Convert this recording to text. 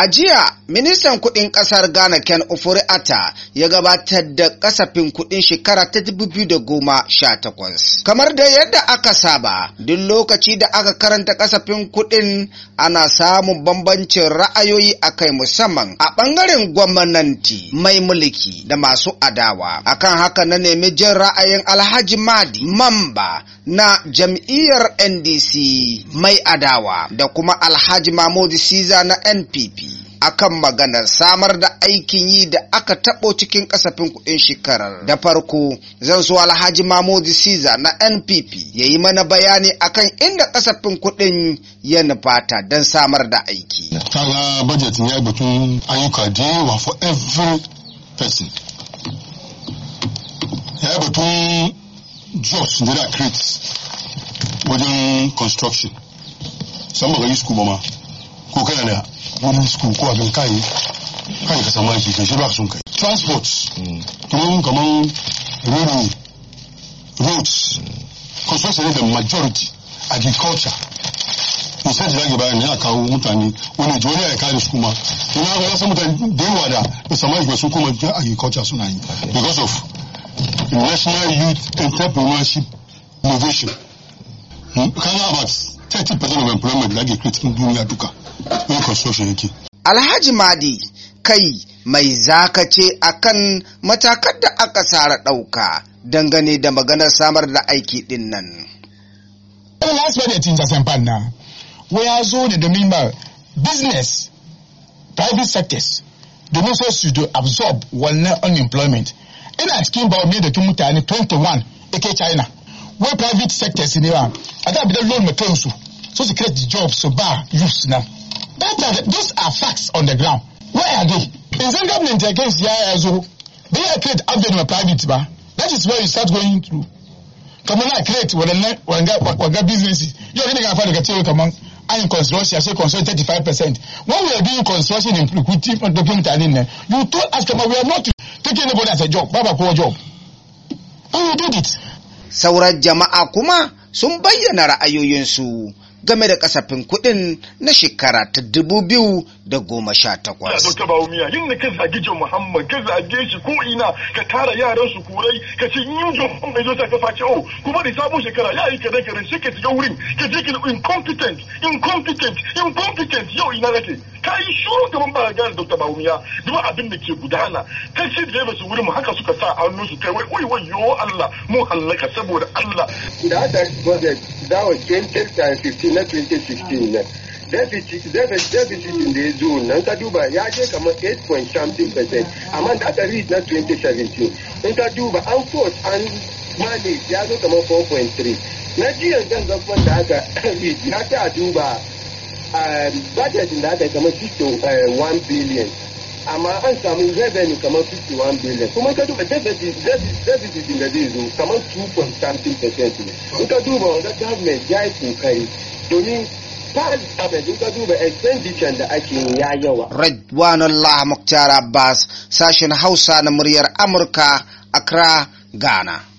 A jiya, ministan kuɗin ƙasar Ghana Ken Ofori Atta ya gabatar da kasafin kuɗin shekara ta da goma sha takwas. Kamar da yadda aka saba, duk lokaci da aka karanta kasafin kuɗin ana samun bambancin ra'ayoyi a kai musamman a bangaren gwamnati mai mulki da masu adawa. Akan haka na nemi jin ra'ayin Alhaji Madi Mamba na jam'iyyar NDC mai adawa da kuma Alhaji Mahmud Siza na NPP. akan maganar samar da aikin yi da aka tabo cikin kasafin kuɗin shekarar. Da farko zan so Alhaji Mamodi Siza na NPP ya yi mana bayani akan inda kasafin kuɗin ya nufata don samar da aiki. Kaga budget ya batun ayyuka da yawa for every person. Ya batun jobs da creates wajen construction. Sama ga yi ma. ko kana na wurin school ko abin kai kai ka samu aiki kai shi ba sun kai transport mm. kuma kaman road roads construction the majority agriculture misali da bayan ya kawo mutane wani jori ya kare su kuma ina ga yasa mutane da yawa da musamman ba sun kuma agriculture suna yi because of national youth entrepreneurship innovation hmm? kaga about 30% of employment da ake kai cikin duniya duka in construction yake alhaji madi kai mai zakace akan matakan da aka tsara ɗauka dangane da maganar samar da aiki din nan. last minute in Jasempan na, waya zo da domin ma business, private sectors, domin so su do absorb wannan unemployment. Ina cikin ba da mutane 21 ake China. wey private sectors ni wa ada bi de loan mi pay nso so to create the jobs to bar youths na that are those are facts on the ground where are they nzan government against yaya so they are create avenue private ba that is where you start going through kamana create wadannan wanga wanga businesses yau ne ga fara ga cewa kaman ayin construction say construction thirty five percent when we are doing construction in kuti document anin na you told us kama we are not taking anybody as a job baba poor job how you did it. sauran jama'a kuma sun bayyana ra'ayoyinsu game da kasafin kuɗin na shekara ta dubu biyu da goma sha takwas. Ya ba miya yin ka zage jin Muhammad ka zage shi ko ina ka tara yaran su kurai ka ce yin jin Muhammad zo ta ka face o oh, kuma da sabon shekara ya yi ka kadan karin ka shiga wurin ka je ka incompetent incompetent incompetent yau ina zake ka yi shuru ban ba gane Dr. Bawumiya duk abin da ke gudana ka shi da su wurin mu haka suka sa hannu su kai wai wai wai yo Allah mu halaka saboda Allah. Da ta project that was 2015 budget na 2016 na deficit deficit da ya zo nan ka duba ya je kamar 8 percent amma da aka read na 2017 in ka duba an force an manage ya zo kamar 4.3 na jiyan zan zafin da aka read ya ta duba budget da aka kamar 61 billion amma an samu revenue kamar 51 billion kuma ka duba deficit deficit da zai zo kamar 2 percent ne in ka duba wanda government ya yi kokari domin ta abin ka duba extension da ake ya yawa. Redwanullah Muktar Abbas sashen Hausa na muryar Amurka Accra Ghana.